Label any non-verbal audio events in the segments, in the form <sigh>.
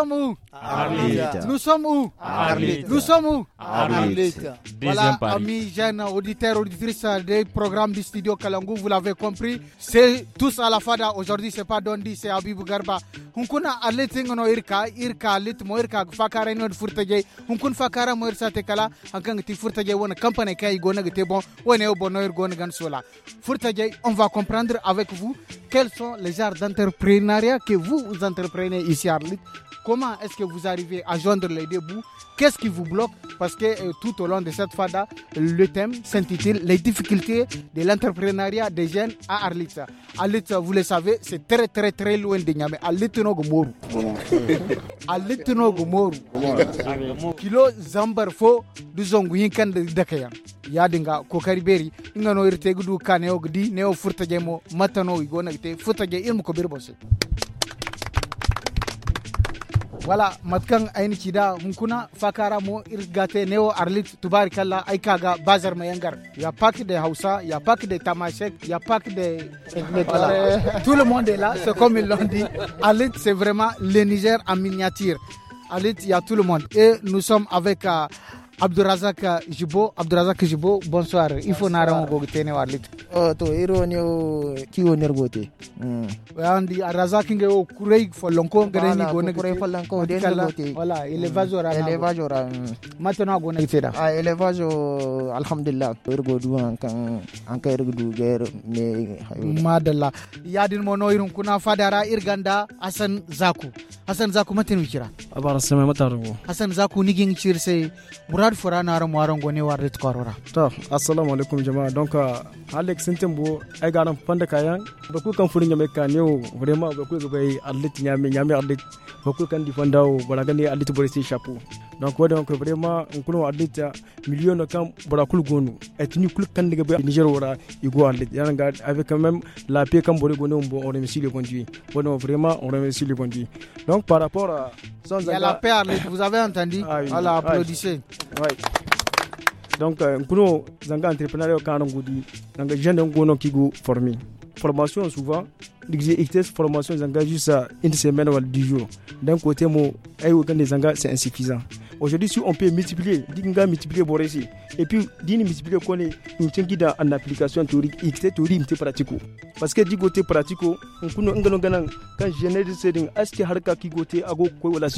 somos Arlit. Nous sommes où Arlit. Nous sommes où Arlit. Voilà, amis jeunes auditeurs, auditrices des programmes du studio Kalangu, vous l'avez compris. C'est tous à la fada. Aujourd'hui, c'est pas Dondi, c'est Abibou Garba. Hunkuna Arlit ngono irka, irka lit mo irka fakara ino furtaje. Hunkun fakara mo irsa te kala, hankang ti furtaje wona kampane kai gona gete bon, wone on est gona sola. Furtaje, on va comprendre avec vous quels sont les genres d'entrepreneuriat que vous, vous entreprenez ici à Arlit. Comment est-ce que vous arrivez à joindre les deux bouts Qu'est-ce qui vous bloque Parce que euh, tout au long de cette fada, le thème s'intitule Les difficultés de l'entrepreneuriat des jeunes à Arlitsa. Arlitsa, vous le savez, c'est très très très loin de Niamey. Arlitno À <laughs> Arlitno Gomoru. Kilo Zambarfo du Zonguyin kan da Dakayan. Ya dinga kokari beri inga no irte o matano igona ite furtaje ilmu wala matkan aini kida hunkuna fakara mo irgate neo arlit tubari kala aikaga bazar mayangar ya pak de hausa ya pak de tamashek ya pak de voilà. tout le monde est là c'est comme ils l'ont dit arlit c'est vraiment le Niger en miniature arlit il y a tout le monde et nous sommes avec euh, abdurazak jibo abdurazak jibo bonsoir il faut narangogo tene warlit o to ironi o kiwonergote hmm. andi razak nge o kurey follonko ngereni gonegwala élevage hmm. ora élevage ora hmm. maintenant goneg teda a élevage alhamdulillah irgo du ankan anka irgo du ger me madalla yadin mono irun kuna fadara irganda hasan zaku hasan zaku matin wikira abara sama matarugo hasan zaku nigin cirse forar fura na ran waran gone warit korora to assalamu alaikum jama'a donc euh, Alex, sintin bo ai garan fanda kayan ba ku kan furin yamai ka vraiment ba ku ga bai alit nyame nyame alit ba ku kan difanda o bara gani alit bore si chapeau donc wa donc vraiment on kuno alit million kan bara kul gonu et ni kul kan daga bai niger wara igo alit yan ga avec quand même la paix kan bore gone on remercie le bon dieu bon vraiment on remercie le bon dieu donc par rapport à sans il y a la paix vous avez entendu ah, la applaudissez oui. donc kuno euh, zanga entrepreneuriat est ngudi zanga jende ngono kigu formi formation souvent l'exercice une formation est juste euh, une semaine ou deux jours d'un côté mo eh, ay des zanga c'est insuffisant Aujourd'hui, si on peut multiplier, dinga multiplier boresi, et puis dini multiplier qu'on est, nous tient en application théorique, c'est théorique, pratique. Parce que dit côté pratique, on connaît un gagnant gagnant, quand j'ai né de ce ding, est-ce que harka qui côté quoi ou la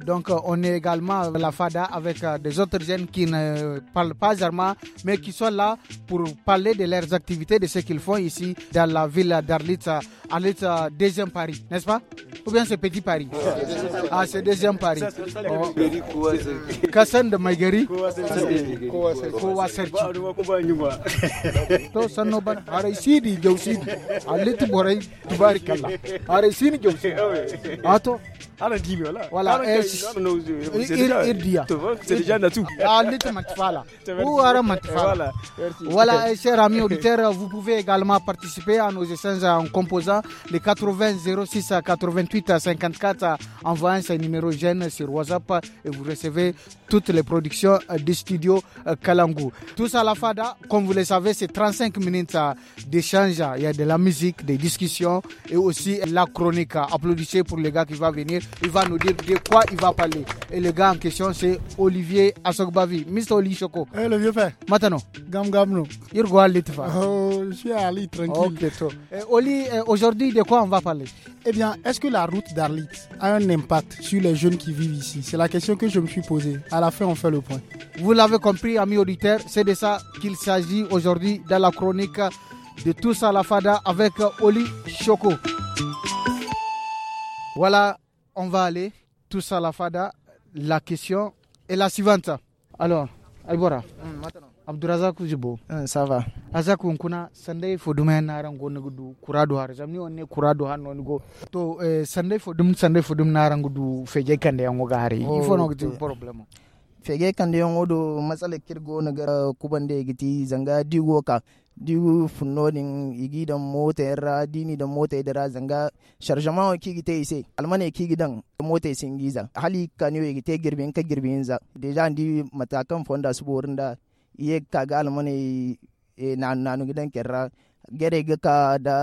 Donc, on est également à la FADA avec euh, des autres jeunes qui ne euh, parlent pas germain mais qui sont là pour parler de leurs activités, de ce qu'ils font ici dans la ville d'Arlitz, Arlitz, euh, deuxième Paris, n'est-ce pas? Ou bien c'est petit Paris? Ah, c'est deuxième Paris kasan da mai gari kowa sarki to san no ban harai sidi gausi aliti borai tubari kala harai sini gausi ato ala dibi wala wala es ir irdia c'est déjà tu aliti matfala <laughs> ou ara matfala wala et chers amis auditeurs vous pouvez également participer à nos essences en composant les 80 06 88 54 en voyant numéro numéros sur WhatsApp et vous recevez toutes les productions du studio Kalangu. Tout ça, la FADA, comme vous le savez, c'est 35 minutes d'échange. Il y a de la musique, des discussions et aussi la chronique. Applaudissez pour le gars qui va venir. Il va nous dire de quoi il va parler. Et le gars en question, c'est Olivier Asokbavi. Mr. Oli Choco. Eh, le vieux père. Maintenant. Gam gam no. Oh, je suis Ali, tranquille. Eh, Oli, eh, aujourd'hui, de quoi on va parler Eh bien, est-ce que la route d'Arlit a un impact sur les jeunes qui vivent ici C'est la question que je me suis posée. À la fin, on fait le point. Vous l'avez compris, ami auditeur, c'est de ça qu'il s'agit aujourd'hui dans la chronique de Tous à la Fada avec Oli Choco. Voilà, on va aller Tous à la Fada. La question est la suivante. Alors, Albora. Hum, maintenant abdurazaku jibo mm, sava azaku kuna sunday for dum na rango go gudu kurado har jamni onne kurado han non go to eh, sandai fo dum sunday for dum na rango du fege kande yango gari oh, ifo no gitu problem fege kande yango do masale kirgo na ga kubande giti zanga digo ka digu din igi da mota dini da mota yadda zanga chargement ki gite ise almane ki dan mota singiza hali kanyo igi te girbin ka girbin za deja ndi matakan fonda su da yek taga almoni e nanu nanu gidan kerra gere ka da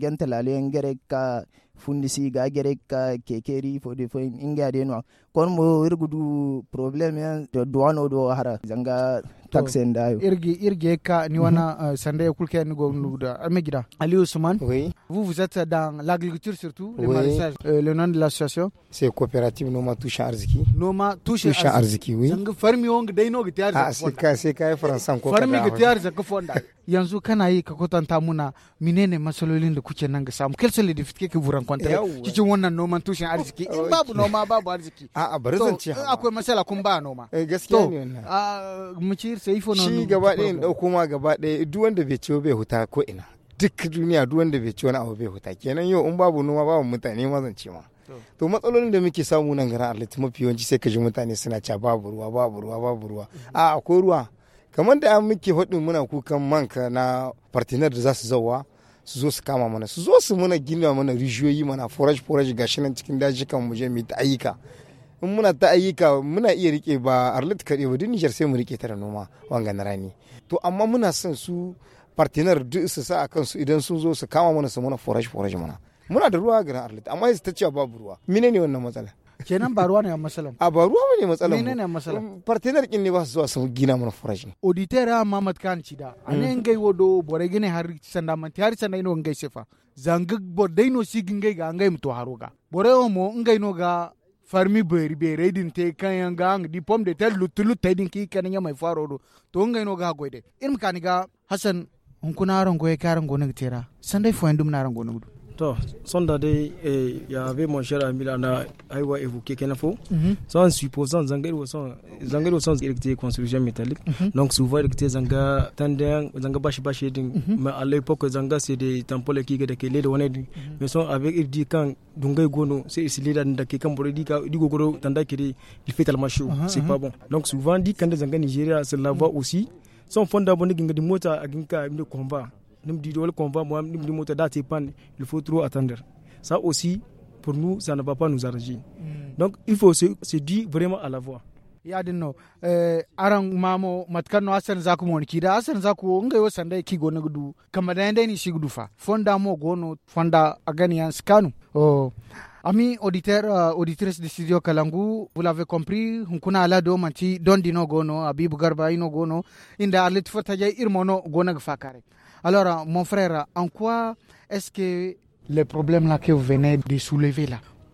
gentelalen gere ka fundisi ga gere ka kekeri fo de fo inga de no kon mo irgudu problem yan to duwano do hara zanga taxen dayo irgi irge ka ni wana mhm. eh, sande kulke ni go nuda amegida ali usman oui vous vous êtes dans l'agriculture surtout oui. le maraîchage euh, le nom de l'association c'est coopérative Noma Touche Arziki Noma Touche, touche Arziki. oui zanga farmi wong de no gitar ah c'est ka c'est ka france ko farmi gitar zaka fonda <laughs> yanzu kana yi ka kotanta muna minene masalolin da kuke nan ga samu quelles da fitke ke buran kwantar cikin wannan noman tushen arziki in oh, babu noma babu arziki a'a bari zan ce akwai masala kun ba noma eh gaskiya ne wannan a ci sai fo shi gaba ɗaya in dauko ma gaba ɗaya duk wanda bai ciwo bai huta ko ina duk duniya duk wanda bai ci wani abu bai huta kenan yau in babu noma babu mutane ma zan ce ma to matsalolin da muke samu nan garin arliti mafi yawanci sai ka ji mutane suna cewa babu ruwa babu ruwa babu ruwa mhm. a akwai ruwa kamar da muke faɗin muna kukan manka na partner da za su zauwa su zo su kama mana su zo su muna gina mana rijiyoyi mana forage forage gashi nan cikin dajikan mu je mu ta ayyuka in muna ta ayyuka muna iya rike ba arlit kare ba duk Niger sai mu rike ta da noma wangan rani to amma muna son su partner duk su sa akan su idan sun zo su kama mana su mana forage forage mana muna da ruwa garin arlit amma yanzu ta cewa babu ruwa mine ne wannan matsala kenan ba ruwa ne a matsalan a ba ruwa ne matsalan ne ne a matsalan partenar kin ne ba su zuwa su gina mana forage auditeur a mamad kan ci da hmm. ane ngai wodo bore gine har sanda man har sanda ino ngai sefa zangig bor daino si ngai ga ngai mto haroga bore o mo ngai no ga farmi beri be redin te kan ga ang di pom de tel lutu lutu din ki kan nya mai faro do to ngai no ga goide in kan hasan hun kunaron goye karan gonin tera sandai fo endum naran gonag to sonda dai eh, ya ve mon cher ami là na aiwa évoqué qu'en faut sans supposant zangero sans zangero sans électricité construction métallique mm -hmm. donc souvent électricité zanga tandeng zanga bashi bashi din mm -hmm. mais à l'époque zanga c'est des temples qui que que les one mhm. mais sont avec il dit quand dungay gono c'est ici les dans qui quand pour dit gogoro tanda qui il fait tellement chaud uh-huh, c'est uh-huh. pas bon donc souvent dit quand zanga Nigeria c'est la voix mhm. aussi son fond d'abonné ginga di à aginka imde combat il faut trop attendre. Ça aussi, pour nous, ça ne va pas nous arranger. Hmm. Donc, il faut se, se dire vraiment à la voix. yadin no eh, aran mamo matkan no asan zaku mon da asan zaku ngai wo sandai ki gona gudu kama da ndai shi gudu fa fonda mo gono fonda agani anskanu. skanu oh ami auditeur, eh, auditrice auditrices du studio Kalangu, vous l'avez compris, hunkuna ala do manti don dino gono, abib garba ino gono, inda arlit fataja irmono gona gfakare. Alors, mon frère, en quoi est-ce que le problème là que vous venez de soulever là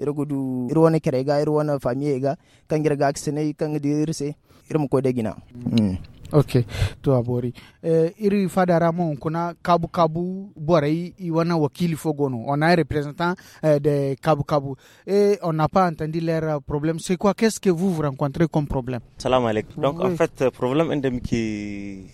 irgudu irwana kerega irwana famiye ga kan gerga aksene kan dirse irmu ko degina mm. ok to abori eh, iri fadara mon kuna kabu kabu i iwana wakili fogono on a e representant eh, de kabu kabu e eh, on n'a pas entendu leur problème c'est quoi qu'est-ce que vous vous rencontrez comme problème salam alek donc en fait euh, problème endemic ki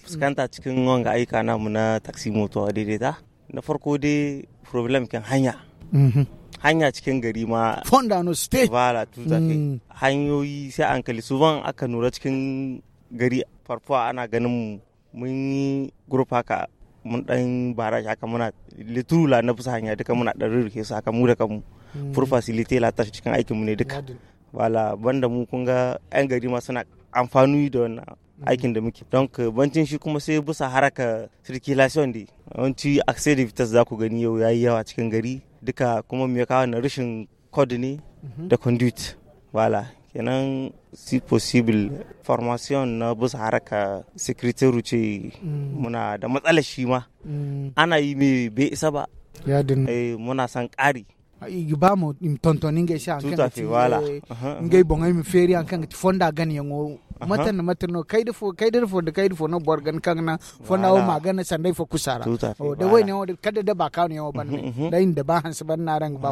skanta cikin ngonga ay na muna taxi moto adedeta na farko de problème kan hanya mm -hmm. hanya cikin gari ma Fondano no state bala tuta mm. hanyoyi sai an kalli su ban aka nura cikin gari farfawa ana ganin mun yi group haka mun dan bara haka muna la na bisa hanya duka muna dan rurrufe su haka mu da kanmu mm. fur facility la ta cikin aikin mu ne duka wala banda mu kun ga yan gari ma suna amfani da wannan mm. aikin da muke don bancin shi kuma sai bisa haraka circulation da yawanci de da za ku gani yau yayi yawa cikin gari duka kuma mai kawo na rashin code ne da conduit wala kenan si possible formation na bisa haraka security ruce mm. muna da matsala shi ma mm. ana yi mai bai isa ba eh, muna san ƙari igba mo im tontoni ngai kan ti wala eh, ngai bonga mi feri an kan ti fonda gan yango matan na matan no kai fo kai fo da kai fo no borgan kangna kan na fonda o magana sandai fo kusara o oh, da wai ne o kada da ba ka ne o mhm, mhm. ban da inda ba hans ban na rang ba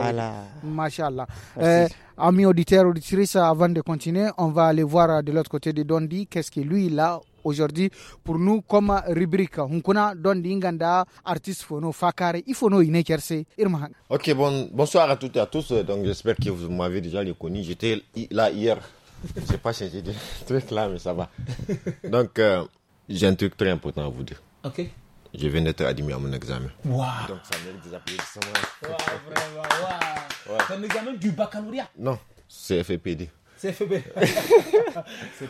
masha Allah euh, amis auditeurs auditrices avant de continuer on va aller voir de l'autre côté de Dondi qu'est-ce que lui là aujourd'hui pour nous comme rubrique hunkuna don inganda artiste fono fakare ifono inekerse irma ok bon bonsoir à toutes et à tous donc j'espère que vous m'avez déjà reconnu j'étais là hier <laughs> Je sais pas changé de truc là mais ça va donc euh, j'ai un truc très important à vous dire ok je viens d'être admis à mon examen. Wow. Donc ça mérite des applaudissements. Waouh, vraiment, wow. C'est un examen du baccalauréat Non, c'est FEPD c'est <laughs>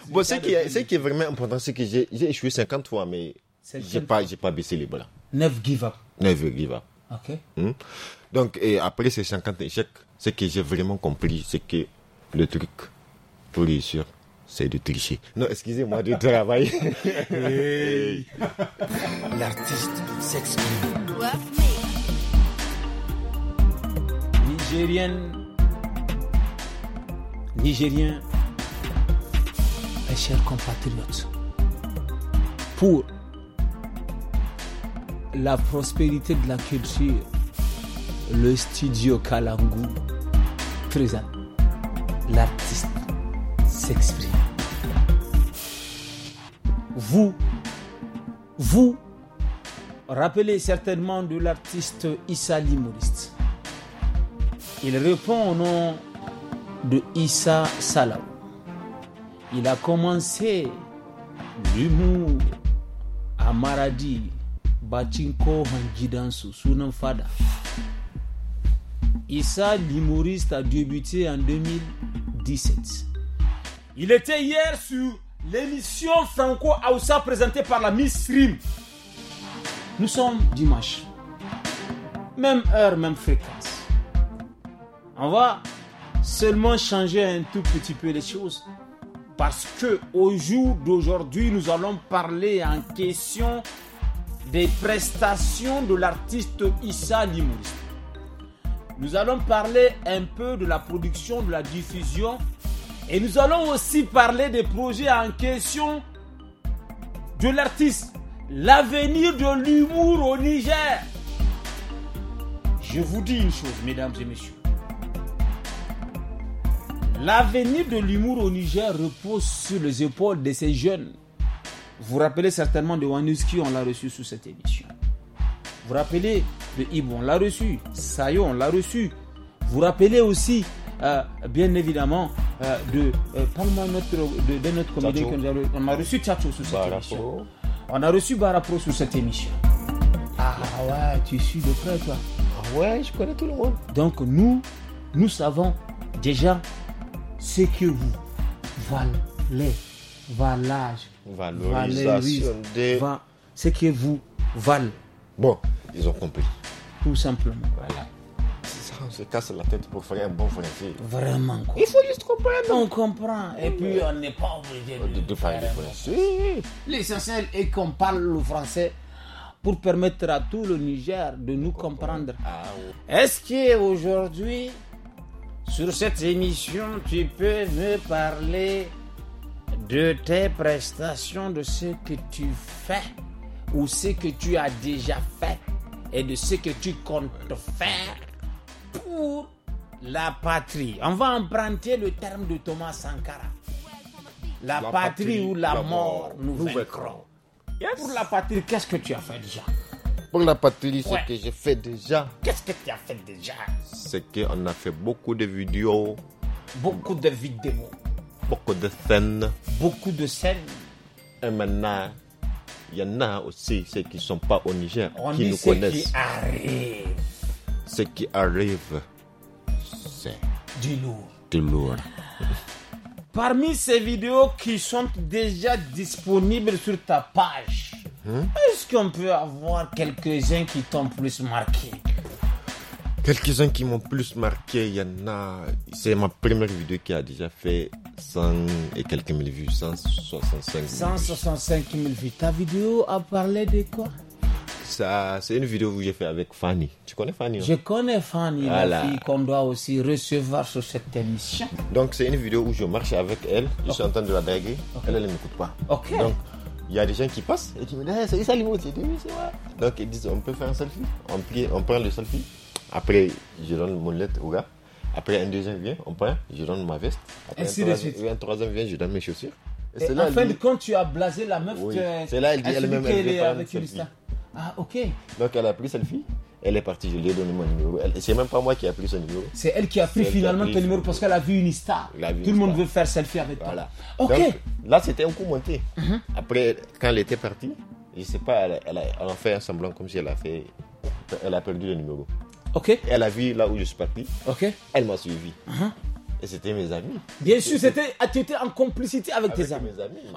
bon, ce qui, est, qui vraiment important, c'est que j'ai échoué 50 fois, mais j'ai pas, pas baissé les bras. 9 give up. 9 give up. Ok. Hmm? Donc, après ces 50 échecs, ce que j'ai vraiment compris, c'est que le truc pour réussir, c'est de tricher. Non, excusez-moi, de travailler. <laughs> L'artiste s'exprime. Nigérienne Nigériens, mes chers compatriotes, pour la prospérité de la culture, le studio Kalangu présente l'artiste s'exprime. Vous, vous rappelez certainement de l'artiste Issa Limouriste. Il répond au nom de Issa Salaw. Il a commencé l'humour à Maradi bachinko sunan fada Issa l'humoriste a débuté en 2017 il était hier sur l'émission Franco Aoussa présentée par la Miss Rim nous sommes dimanche même heure même fréquence on va seulement changer un tout petit peu les choses. Parce que au jour d'aujourd'hui, nous allons parler en question des prestations de l'artiste Issa Limous. Nous allons parler un peu de la production, de la diffusion et nous allons aussi parler des projets en question de l'artiste, l'avenir de l'humour au Niger. Je vous dis une chose, mesdames et messieurs. L'avenir de l'humour au Niger repose sur les épaules de ces jeunes. Vous vous rappelez certainement de Wanuski, on l'a reçu sur cette émission. Vous vous rappelez de Ibo, on l'a reçu. Sayo, on l'a reçu. Vous vous rappelez aussi, euh, bien évidemment, euh, de, euh, parle-moi notre, de, notre comédien On a ah. reçu Tchacho sous cette émission. On a reçu Barapro sous cette émission. Ah ouais, tu suis de près, toi. Ah ouais, je connais tout le monde. Donc nous, nous savons déjà ce que vous valez, valage, valorisation des... va, ce que vous valent. Bon, ils ont compris. Tout simplement. Voilà. Ça, on se casse la tête pour faire un bon français. Vraiment. Quoi. Il faut juste comprendre. On comprend. Et puis, on n'est pas obligé de, parler français. Hein. L'essentiel est qu'on parle le français pour permettre à tout le Niger de nous comprendre. Ah, Est-ce qu'aujourd'hui, sur cette émission, tu peux me parler de tes prestations, de ce que tu fais ou ce que tu as déjà fait et de ce que tu comptes faire pour la patrie. On va emprunter le terme de Thomas Sankara. La, patrie, ou la, mort, nous vaincrons. Pour la patrie, qu'est-ce que tu as fait déjà pour la patrie, ce que j'ai fait déjà. Qu'est-ce que tu as fait déjà C'est qu'on a fait beaucoup de vidéos. Beaucoup de vidéos. Beaucoup de scènes. Beaucoup de scènes. Et maintenant, il y en a aussi ceux qui ne sont pas au Niger, qui nous connaissent. Qui arrive. Ce qui arrive, c'est du lourd. Du lourd. Parmi ces vidéos qui sont déjà disponibles sur ta page, est-ce qu'on peut avoir quelques-uns qui t'ont plus marqué Quelques-uns qui m'ont plus marqué, il y en a. C'est ma première vidéo qui a déjà fait 100 et quelques mille vues, 165 000. 165 000 vues. Ta vidéo a parlé de quoi ça, c'est une vidéo que j'ai fait avec Fanny. Tu connais Fanny hein? Je connais Fanny, voilà. la fille qu'on doit aussi recevoir sur cette émission. Donc, c'est une vidéo où je marche avec elle, je suis en train de la draguer, elle, elle ne m'écoute pas. Ok il y a des gens qui passent et qui me disent hey, eh, c'est Salimou, c'est moi. Donc ils disent on peut faire un selfie, on, prend le selfie. Après, je donne mon lettre au gars. Après, un deuxième vient, on prend, je donne ma veste. Après, Ainsi un, troisième, vient, je donne mes chaussures. Et, c'est là, en fait quand tu as blasé la meuf. Oui. C'est là, elle dit elle-même, elle, elle, elle, est avec Ah, ok. Donc elle a pris le selfie. Elle est partie, je lui ai donné mon numéro. C'est même pas moi qui ai pris son numéro. C'est elle qui a pris finalement ton numéro parce qu'elle a vu une Insta Tout le monde veut faire selfie avec toi. là. Ok. là, c'était un coup monté. Mhm. Après, quand elle était partie, je sais pas, elle, a, fait un semblant comme si elle a fait. Elle a perdu le numéro. Ok. Elle a vu là où je suis parti. Ok. Elle m'a suivi. Mhm c'était mes amis. Bien sûr, c'était, ah, tu étais en complicité avec, tes amis.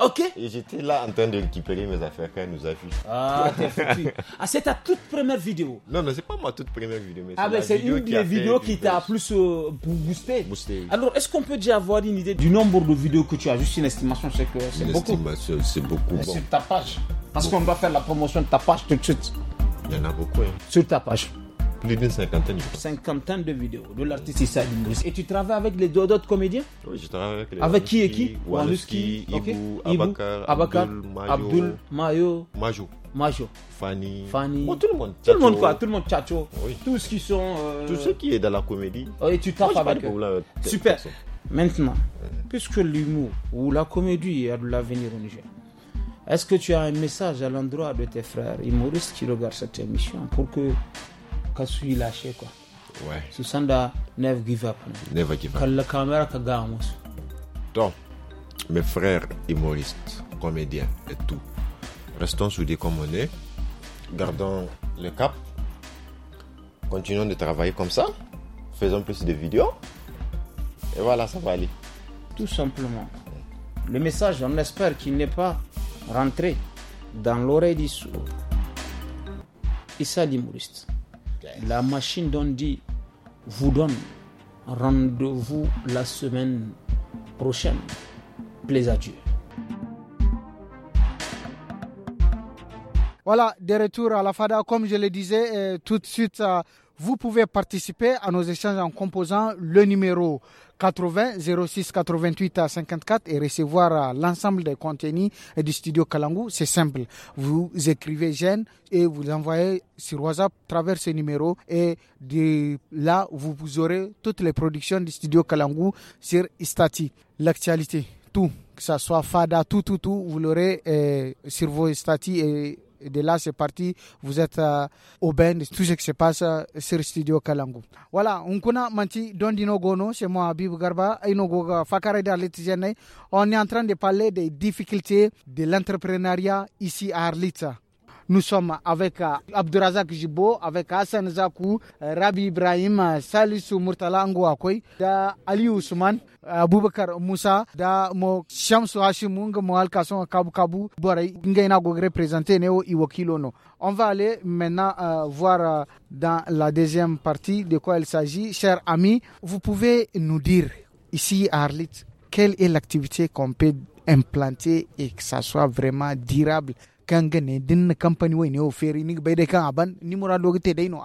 Ok. Et j'étais là en train de récupérer mes affaires quand elle nous a vu. Ah, t'es foutu. Ah, c'est ta toute première vidéo. Non, non, c'est pas ma toute première vidéo. Mais ah, ben c'est une des vidéos qui t'a plus euh, boosté. Alors, est-ce qu'on peut déjà avoir une idée du nombre de vidéos que tu as Juste une estimation, c'est que c'est beaucoup. c'est beaucoup. Sur ta page. Parce qu'on doit faire la promotion de ta page tout de suite. Il y en a beaucoup. Hein. Sur ta page plus d'une cinquantaine de vidéos. de de l'artiste Issa Et tu travailles avec les deux autres comédiens Oui, je travaille avec les Avec qui et qui Ibu, Abakar, Abakar, Abdul, Mayo, Majo. Majo. Fanny. Fanny. Oh, tout le monde. Tout le monde quoi Tout le monde Oui. Tous qui sont. Euh... Tout ce qui est dans la comédie. Oui, et tu tapes avec eux. Super. Maintenant, puisque l'humour ou la comédie a de l'avenir au Niger, est-ce que tu as un message à l'endroit de tes frères humoristes qui regardent cette émission pour que je suis lâché ouais. su san never give up never give up kalla mes frères humoristes comédiens et tout restons soudés comme on est gardons le cap continuons de travailler comme ça faisons plus de vidéos et voilà ça va aller tout simplement le message on espère qu'il n'est pas rentré dans l'oreille du sourd Issa l'humoriste la machine dit vous donne rendez-vous la semaine prochaine. Plaise à Dieu. Voilà, de retour à la FADA. Comme je le disais, euh, tout de suite, euh, vous pouvez participer à nos échanges en composant le numéro 80 06 88 54 et recevoir euh, l'ensemble des contenus du studio Kalangu. C'est simple. Vous écrivez Gênes et vous envoyez sur WhatsApp travers ce numéro et là, vous aurez toutes les productions du studio Kalangu sur Istati. L'actualité, tout, que ce soit Fada, tout, tout, tout, vous l'aurez euh, sur vos Istati et et de là, c'est parti. Vous êtes euh, au bain de tout ce qui se passe euh, sur le Studio Kalangu. Voilà, on connaît Manti Dondino Gono, c'est moi, Abib Garba, On est en train de parler des difficultés de l'entrepreneuriat ici à Arlita. Nous sommes avec euh, Abdurazak Jibo, avec Hassan Zakou, euh, Rabi Ibrahim, euh, Salisu Murtala Ngwaquoi, Ali Ousmane, Abubakar Moussa, da mo Shamsu Hashimu Munga, mo Alkason Kabu Kabu Boray, Neo Iwakilono. On va aller maintenant voir dans la deuxième partie de quoi il s'agit. Chers amis, vous pouvez nous dire ici à Arlit quelle est l'activité qu'on peut implanter et que ça soit vraiment durable feri ni ni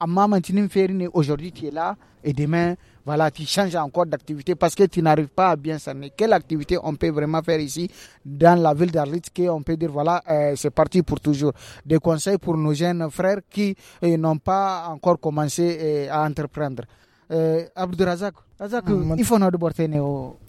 amma feri aujourd'hui tu es là et demain voilà tu changes encore d'activité parce que tu n'arrives pas à bien n'est quelle activité on peut vraiment faire ici dans la ville d'Arlit que on peut dire voilà euh, c'est parti pour toujours des conseils pour nos jeunes frères qui euh, n'ont pas encore commencé euh, à entreprendre euh, Razak, ah, il faut nous porter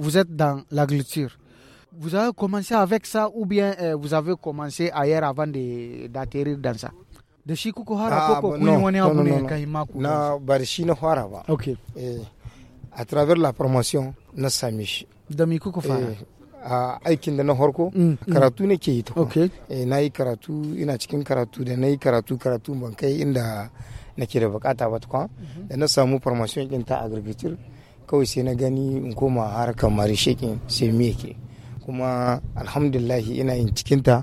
vous êtes dans l'agriculture. Vous avez commencé avec ça ou bien euh, vous avez commencé ailleurs avant d'atterrir dans ça De shi kuka fara ko ko kun wani abu ne na ba bah. travers la promotion na same shi da mi fara aikin da na harko mm, mm. karatu ne ke yi ta okay e na yi karatu ina cikin karatu da na yi karatu karatu ban kai inda nake da bukata ba tukwa da na samu promotion din ta agriculture kawai sai na gani in koma harkar shekin sai me ke kuma alhamdulahi ina yin cikinta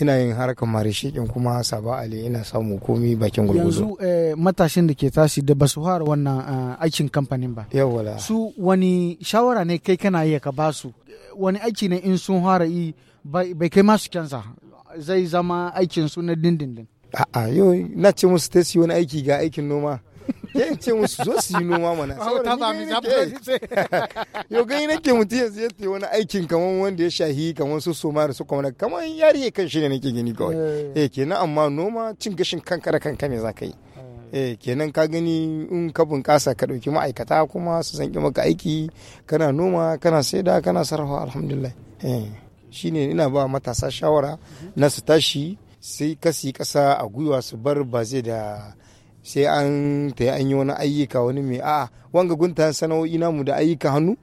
ina yin harkar shekin kuma saba ali ina samu komi bakin gurguzu yanzu eh, matashin da ke tashi da basu fara wannan eh, aikin kamfanin ba yawala su wani shawara ne kai kana iya ka basu wani aiki ne in sun fara yi bai kai masu kyansa zai zama aikin su na dindindin a'a yau na ce musu ta wani aiki ga aikin noma ke ce musu zo su yi noma mana yau <laughs> gani nake mutum yanzu ya wani aikin kamar wanda ya shahi kamar su soma da su kuma kamar yari ya kan shi ne nake gani kawai eh, eh kenan amma noma cin gashin kankara kanka ne za ka yi eh, eh kenan ka gani in ka bunkasa ka dauki ma'aikata kuma su zanki maka aiki kana noma kana saida kana sarrafa alhamdulillah eh shine ina ba matasa shawara na su tashi sai kasi kasa a gwiwa su bar ba zai da sai an ta an yi wani ayyuka wani mai a'a wanga gunta sana'o'i namu da ayyuka hannu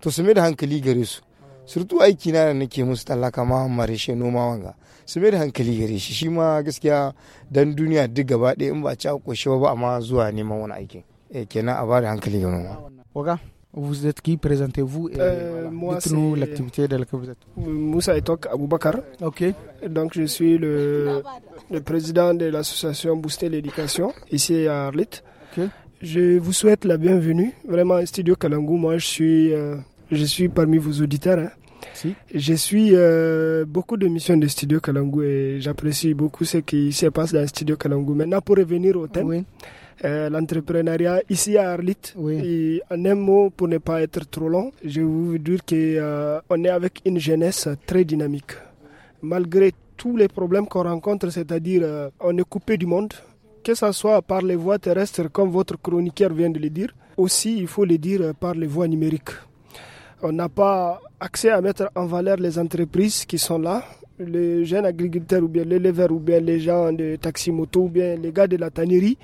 to su mai da hankali gare su surtu aiki na da nake musu tallaka ma marishe noma wanga su mai da hankali gare shi shi ma gaskiya dan duniya duk gaba ɗaya in ba a ci a ba ba amma zuwa neman wani aikin eh, kenan a ba da hankali ga noma. Vous êtes qui Présentez-vous et euh, dites-nous l'activité de laquelle vous êtes. Moussa Etok Aboubakar. Ok. Donc je suis le, le président de l'association Booster l'éducation ici à Arlit. Ok. Je vous souhaite la bienvenue. Vraiment, Studio Kalangu, moi je suis, euh, je suis parmi vos auditeurs. Hein. Si. Je suis euh, beaucoup de missions de Studio Kalangu et j'apprécie beaucoup ce qui se passe dans Studio Kalangu. Maintenant, pour revenir au thème. Oui. Euh, l'entrepreneuriat ici à Arlit. en un mot, pour ne pas être trop long, je veux vous dire qu'on euh, est avec une jeunesse très dynamique. Malgré tous les problèmes qu'on rencontre, c'est-à-dire euh, on est coupé du monde, que ce soit par les voies terrestres, comme votre chroniqueur vient de le dire, aussi, il faut le dire, par les voies numériques. On n'a pas accès à mettre en valeur les entreprises qui sont là, les jeunes agriculteurs ou bien les ou bien les gens de taxi-moto ou bien les gars de la tannerie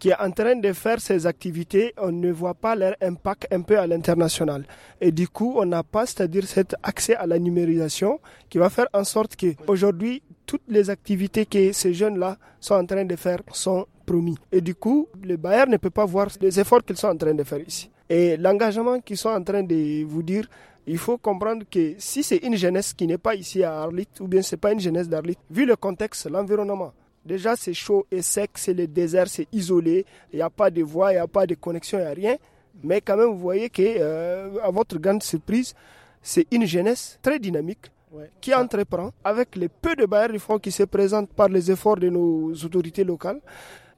qui est en train de faire ces activités, on ne voit pas leur impact un peu à l'international. Et du coup, on n'a pas, c'est-à-dire cet accès à la numérisation qui va faire en sorte que aujourd'hui toutes les activités que ces jeunes-là sont en train de faire sont promis. Et du coup, le bailleur ne peut pas voir les efforts qu'ils sont en train de faire ici. Et l'engagement qu'ils sont en train de vous dire, il faut comprendre que si c'est une jeunesse qui n'est pas ici à Arlit, ou bien c'est pas une jeunesse d'Arlit, vu le contexte, l'environnement, déjà c'est chaud et sec, c'est le désert, c'est isolé, il n'y a pas de voie, il n'y a pas de connexion, il n'y a rien. Mais quand même, vous voyez que, euh, à votre grande surprise, c'est une jeunesse très dynamique qui entreprend avec les peu de barrières du front qui se présentent par les efforts de nos autorités locales.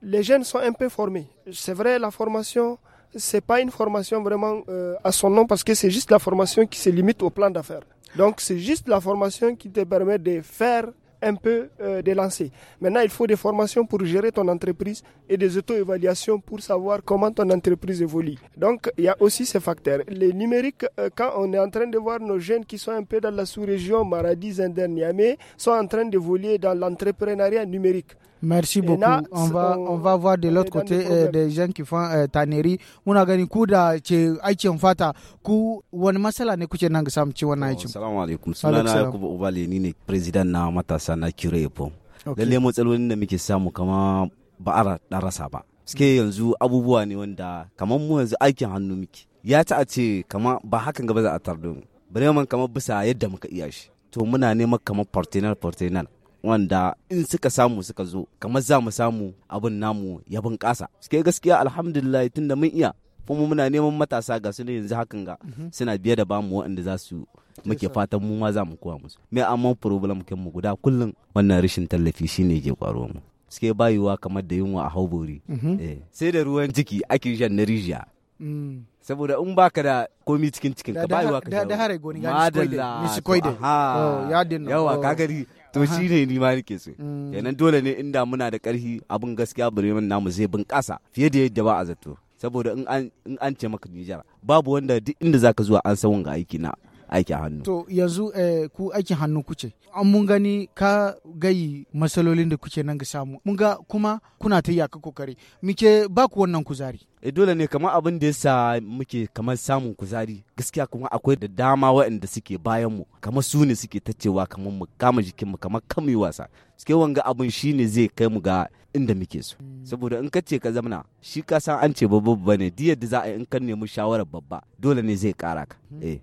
Les jeunes sont un peu formés. C'est vrai, la formation, c'est pas une formation vraiment euh, à son nom parce que c'est juste la formation qui se limite au plan d'affaires. Donc c'est juste la formation qui te permet de faire un peu euh, de lancer. Maintenant, il faut des formations pour gérer ton entreprise et des auto-évaluations pour savoir comment ton entreprise évolue. Donc, il y a aussi ces facteurs. Les numériques, euh, quand on est en train de voir nos jeunes qui sont un peu dans la sous-région Maradi, Zinder, Niamey, sont en train d'évoluer dans l'entrepreneuriat numérique. Merci beaucoup. Là, on va on, on, va voir de l'autre côté euh, des gens qui font euh, tannerie. Muna gani ku da ce aikin fata ku wani matsala ne kuke nan ga samu ci wannan aikin. Assalamu alaikum. Sunana Yakubu Ubale ni ne president na matasa na Kire Efo. Lalle matsalolin da muke samu kama ba a dan rasa ba. Suke mm. yanzu abubuwa ne wanda kaman mu yanzu aikin hannu Miki. Ya ta a ce kama ba hakan gaba za a tardo mu. Bare man kamar bisa yadda muka iya shi. To muna neman kama partenar partenar wanda in suka samu suka zo kamar za mu samu abin namu ya bunƙasa suke gaskiya alhamdulillah tunda mun iya kuma muna neman matasa ga su ne yanzu hakan ga mhm. suna biye da bamu waɗanda za su muke fatan mu ma za mu kowa musu me amma problem kin mu guda kullum wannan rashin tallafi shine ke kwaro mu suke bayuwa kamar da yunwa a haubori mhm. eh, sai da ruwan ciki ake shan na rijiya mm. saboda in baka da komi cikin cikin ka bayuwa ka da hare goni ga oh, ya miskoide yawa oh. kagari to shi ne ni ma nake so mm. kenan dole ne inda muna da karfi abin gaskiya Bremen namu zai bunƙasa fiye da yadda ba a zato saboda in an ce maka Nijar babu wanda duk inda zaka zuwa an san wanga aiki na aikin hannu. To yanzu eh, ku aikin hannu kuce. An mun gani ka gayi matsalolin da kuke nan ga samu. Mun ga kuma kuna ta yaka kokari. Muke ba ku wannan kuzari. E dole ne kamar abin da yasa muke kamar samun kuzari gaskiya kuma akwai da dama waɗanda suke bayan mu kamar su ne suke ta cewa kamar mu kama jikin mu kamar kan mu wasa suke wanga abin shine zai kai mu ga inda muke so hmm. saboda in ka ce ka zamana shi ka san an ce babba ne diyar da za a yi in ka nemi shawarar babba dole ne zai kara ka hmm. eh.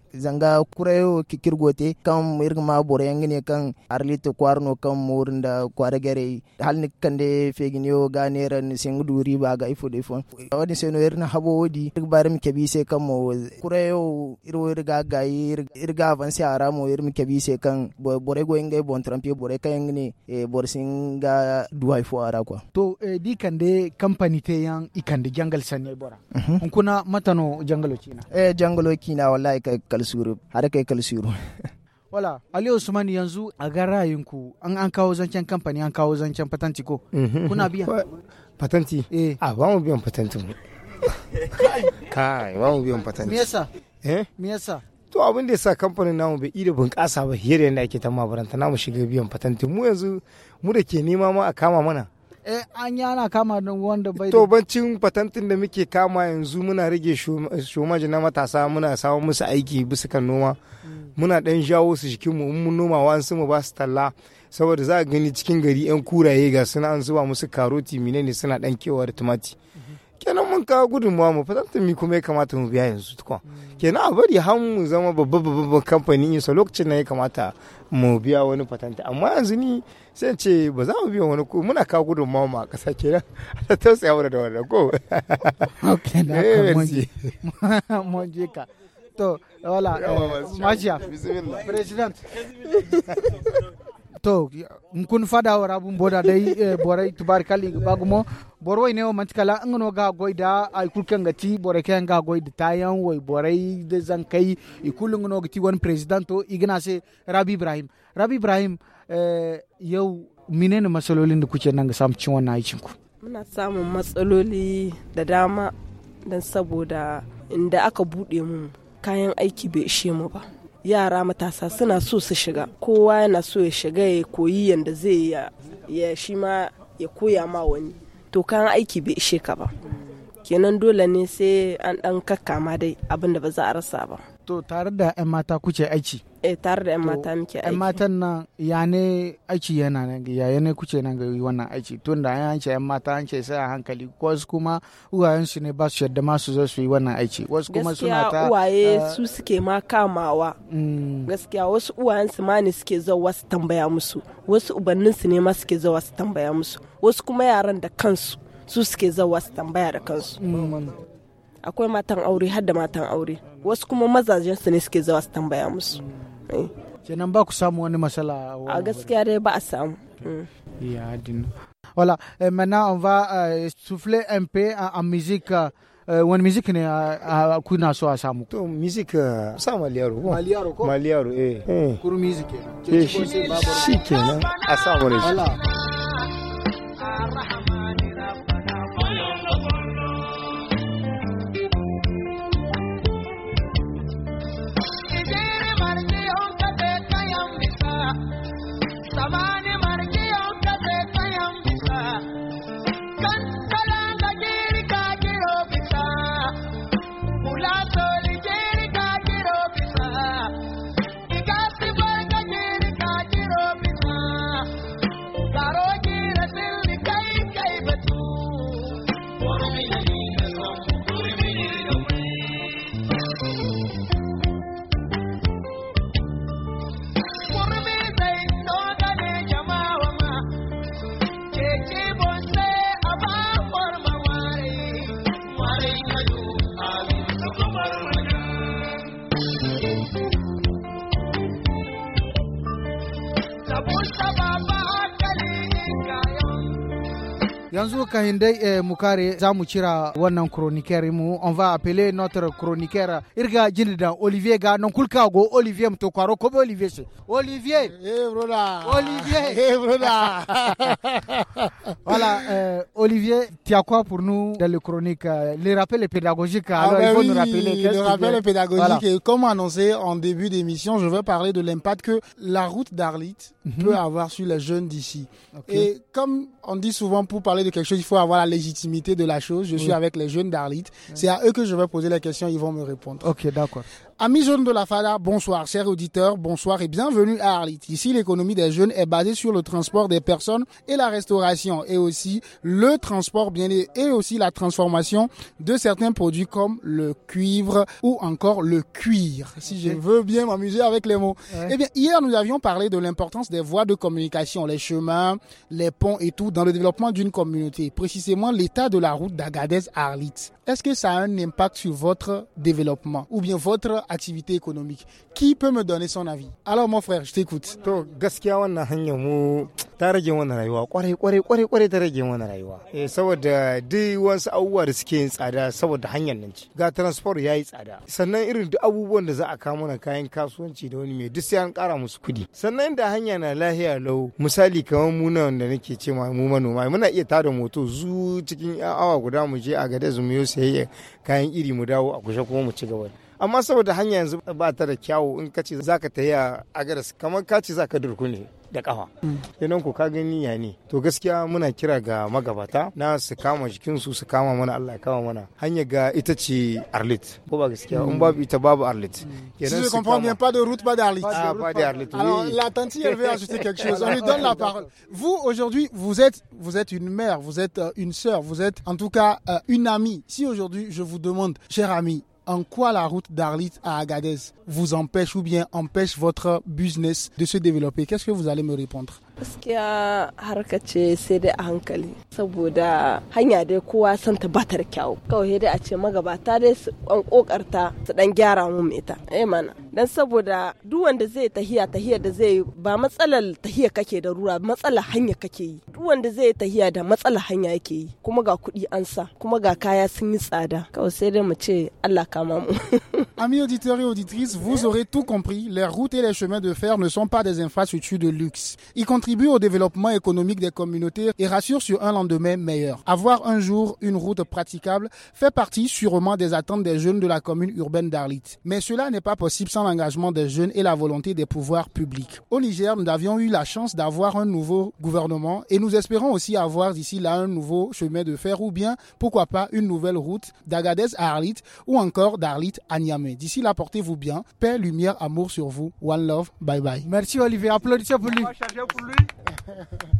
zanga kurayo kikirgote kan irgma borayan ngine kan arlite kwarno kan morinda kwara gare halni kande feginyo ganera ni singu duri ga ifo defo wani seno irna habo wodi irbarim kebise kan mo kurayo irwo irga gayi irga avansi aramo irmi kebise kan bore go inge bon trampi bore kan ngine e borsinga duwai fo ara kwa to e di kande company te yan ikande jangal sanye bora mhm. kuna matano jangalo kina e jangalo kina wala kai kalsuru har kai kalsuru <laughs> wala ali usman yanzu a ga ra'ayinku an an kawo zancen kamfani an kawo zancen patanti ko mhm. kuna biya patanti eh a ah, ba mu biyan patanti mu <laughs> kai ba mu biyan patanti me yasa eh me yasa to abin da yasa kamfanin namu bai ida bunƙasa ba yadda yanda yadda ake ta mabaranta namu shiga biyan patanti mu yanzu mu da ke nema ma a kama mana eh an yana kama da wanda bai to bancin patentin da muke kama yanzu muna rage eh, shomaji na matasa muna samu musu aiki bisa kan noma mm. muna dan jawo su jikin mu mun noma wa su mu ba su talla saboda za a gani cikin gari yan kuraye ga suna an zuba musu karoti menene suna dan kewa da tumati kenan mun kawo gudunmawa mu fa mi kuma ya kamata mu biya yanzu tukwa kenan a bari har mu zama babba babban kamfani in sa lokacin na ya kamata mu biya wani patanta amma yanzu ni sai ce ba za mu biya wani ko muna kawo gudunmawa mu a kasa kenan ta <laughs> tausaya mana da wannan ko <laughs> okay eh, <laughs> mun je ka to wala eh, mashiya president to nkun fada wara bun boda dai <laughs> eh, borai tubar kali bagumo borwai ne wa kala ngano ga goida ay kulkan gati borai kan ga goida tayan wai borai de zankai ikul ngano gati wan president to se rabi ibrahim rabi ibrahim eh, yau menene masalolin da kuke nan ga samun cin wannan aikin ku muna samun matsaloli da dama don saboda inda aka buɗe mu kayan aiki bai ishe mu ba yara matasa suna so su shiga kowa yana so ya shiga ya koyi yadda zai ya shi ma ya koya ma wani to kan aiki bai ishe ka ba kenan dole ne sai an dan kakkama dai abin da ba za a rasa ba to tare da 'yan mata kuce aiki eh da 'yan mata muke aiki 'yan matan nan ya ne aiki yana nan ya ne kuce nan ga wannan aiki tun da an ce 'yan mata an ce sai a hankali wasu kuma uwayen su ne ba su yadda ma su zo su yi wannan aiki wasu kuma suna ta uwaye eh, su suke ma kamawa mm. gaskiya wasu uwayen su ma ne suke zo su tambaya musu wasu ubannin su ne ma suke zo su tambaya musu wasu kuma yaran da kansu su suke zo su tambaya da kansu mm. akwai matan aure har da matan aure wasu kuma mazajen su ne suke zuwa su tambaya musu mm. Eh. kenan ba ku samu wani matsala a gaskiya dai ba a samu mm. ya dinu voilà et eh, maintenant on va euh, souffler un peu en, musique eh, wani musique ne a, a kuna so a samu to musique sa maliyaro ko maliyaro ko maliyaro eh kuru musique kenan shi kenan a samu ne voilà Come on. Gansu Isaka Hindei et eh, Mukare Zamuchira wannan chroniqueur mu on va appeler notre chroniqueur Irga Jindida Olivier ga non kulka go Olivier mto kwaro ko Olivier se Olivier eh broda Olivier <laughs> eh broda <laughs> Voilà euh, Olivier tu as quoi pour nous dans le chronique Le euh, les rappels pédagogiques ah, alors ah ben il faut oui, nous rappeler le rappel pédagogique voilà. et comme annoncé en début d'émission je vais parler de l'impact que la route d'Arlit mm -hmm. peut avoir sur les jeunes d'ici okay. et comme on dit souvent pour parler de quelque chose il faut avoir la légitimité de la chose. Je suis avec les jeunes d'Arlit. C'est à eux que je vais poser les questions, ils vont me répondre. Ok, d'accord. Amis jeunes de la FADA, bonsoir, chers auditeurs, bonsoir et bienvenue à Arlit. Ici, l'économie des jeunes est basée sur le transport des personnes et la restauration et aussi le transport bien et aussi la transformation de certains produits comme le cuivre ou encore le cuir, si je veux bien m'amuser avec les mots. Eh bien, hier, nous avions parlé de l'importance des voies de communication, les chemins, les ponts et tout dans le développement d'une communauté, précisément l'état de la route d'Agadez à Arlit. Est-ce que ça a un impact sur votre développement ou bien votre activité économique. Qui peut me son avis Alors mon frère, je t'écoute. To gaskiya wannan hanyar ta rage wannan rayuwa kwarai kwarai kwarai kwarai ta rage wannan rayuwa. Eh saboda duk wasu abubuwa da suke yin tsada saboda hanyar nan ce. Ga transport yayi tsada. Sannan irin du abubuwan da za a kawo mana kayan kasuwanci da wani mai duk sai an kara musu kuɗi. Sannan da hanya na lahiya lau misali kamar mu nan da nake ce ma mu manoma muna iya tada moto zu cikin awa guda mu je a gada mu yo sayayya kayan iri mu dawo a kushe kuma mu ci gaba. amma saboda hanya yanzu ba ta da kyawu in ka ce za ka tafiya a garas kamar ka ce za ka durkune da kafa idan hmm. ku ka gani ya ne to gaskiya muna kira ga magabata na su kama jikinsu su kama mana Allah ya kama mana hanya ga ita ce arlit ko ba gaskiya in babu ita babu arlit hmm. si je comprends bien pas de route pas d'arlit ah pas ah, d'arlit alors la tante elle veut <laughs> ajouter quelque chose on lui donne la parole vous aujourd'hui vous êtes vous êtes une mère vous êtes euh, une sœur vous êtes en tout cas euh, une amie si aujourd'hui je vous demande chère amie en quoi la route d'Arlit à Agadez vous empêche ou bien empêche votre business de se développer Qu'est-ce que vous allez me répondre gaskiya harka ce sai dai a hankali saboda hanya dai kowa san ta ba ta da kyawu kawai dai a ce magabata dai su an kokarta su dan gyara mu ita eh mana dan saboda duk wanda zai tahiya tahiya da zai ba matsalar tahiya kake da rura matsalar hanya kake yi duk wanda zai tahiya da matsalar hanya yake yi kuma ga kuɗi an sa kuma ga kaya sun yi tsada kawai sai dai mu ce Allah kama mu <laughs> Amis auditeurs et auditrices, vous aurez tout compris. Les routes et les chemins de fer ne sont pas des infrastructures de luxe. Ils contribuent au développement économique des communautés et rassure sur un lendemain meilleur. Avoir un jour une route praticable fait partie sûrement des attentes des jeunes de la commune urbaine d'Arlit. Mais cela n'est pas possible sans l'engagement des jeunes et la volonté des pouvoirs publics. Au Niger, nous avions eu la chance d'avoir un nouveau gouvernement et nous espérons aussi avoir d'ici là un nouveau chemin de fer ou bien, pourquoi pas, une nouvelle route d'Agadez à Arlit ou encore d'Arlit à Niamey. D'ici là, portez-vous bien. Paix, lumière, amour sur vous. One love. Bye bye. Merci Olivier. Applaudissez pour lui.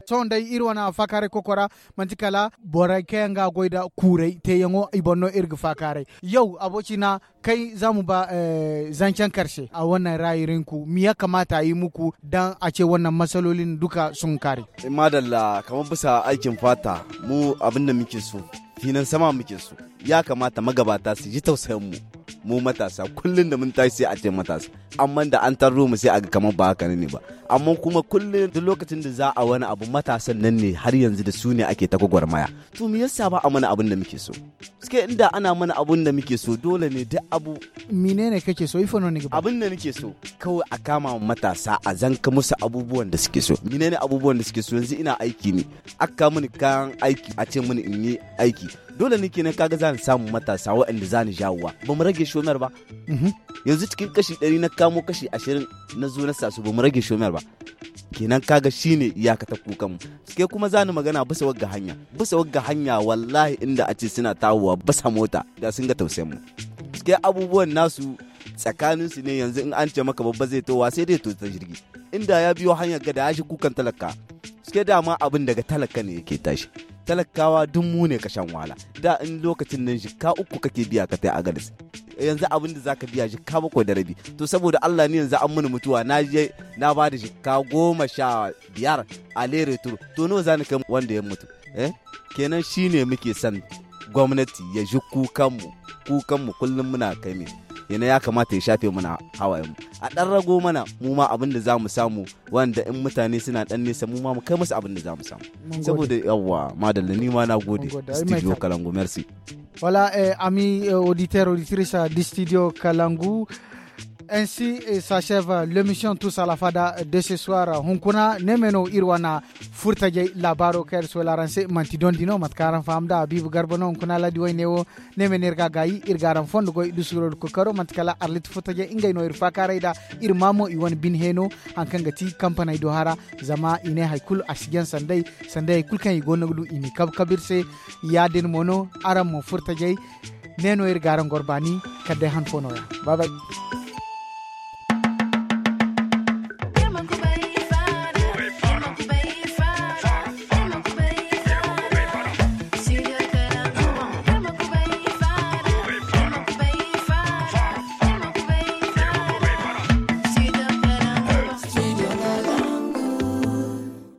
sondai <laughs> irwana fakare kokora mantikala kala borai kenga goida kurai te yango ibonno irga fakare yau abocina kai zamu ba eh, zancen karshe a wannan rayirin mi ya kamata yi muku dan a ce wannan masalolin duka sun kare eh, madalla kamar bisa aikin fata mu abin da muke so finan sama muke so ya kamata magabata su ji tausayin mu mu matasa kullum da mun tashi sai a ce matasa amma da an tarro mu sai a ga kamar ba haka ne ba amma kuma kullum duk lokacin da za a wani abu matasan nan ne har yanzu da su ne ake ta gwagwarmaya to me yasa ba a mana abin da muke so suke inda ana mana abin da muke so dole ne duk abu menene kake so ifo ne abin da nake so kawai a kama matasa a zanka musu abubuwan da suke so menene abubuwan da suke so yanzu ina aiki ne akka mini kayan aiki a ce mini in yi aiki dole ne kenan kaga zan samu matasa waɗanda za ni jawuwa ba mu rage shomer ba mhm. yanzu cikin kashi ɗari na kamo kashi ashirin na zo na sasu ba mu rage shomer ba kenan kaga shine iyaka ta kukan mu ke kuma za ni magana bisa wagga hanya bisa wagga hanya wallahi inda a ce suna tawowa basa mota da sun ga tausayin mu ke abubuwan nasu tsakanin su ne yanzu in an ce maka babba zai towa sai dai to ta jirgi inda ya biyo hanyar gada ya shi kukan talaka suke dama abin daga talaka ne yake tashi talakawa duk mu ne kashan wala da in lokacin nan ka uku kake biya ka tai agaris yanzu abin da zaka biya ka bakwai da rabi to saboda Allah ne yanzu an mini mutuwa na je na ba da ka goma sha biyar a lere turu to nawa zani kai wanda ya mutu eh kenan shine muke san gwamnati ya ji kukanmu mu kullum muna kai mai yana ya kamata ya shafe mana hawayenmu a ɗan rago mana mu ma abin da za samu wanda in mutane suna ɗan nesa mu ma mu kai musu abin da zamu mu samu saboda yawa madalla ni ma na gode studio kalangu merci Voilà, eh, amis auditeur eh, auditeurs, auditrices du studio Kalangu, Ainsi s'achève l'émission Tous à la Fada de ce soir. Hunkuna nemeno irwana furtaje la baro ker so la ranse manti dondino mat famda bibu garbono hunkuna la diwa nemenirga gayi irgaran fondo dusuro ko karo arlit furtaje ingay no irmamo iwan bin heno ankanga ti kampana do zama ine haykul asigen sandai sandai kulkan igonoglu ini kabirse yaden mono aram furtaje neno irgaran gorbani kadde fonoya bye bye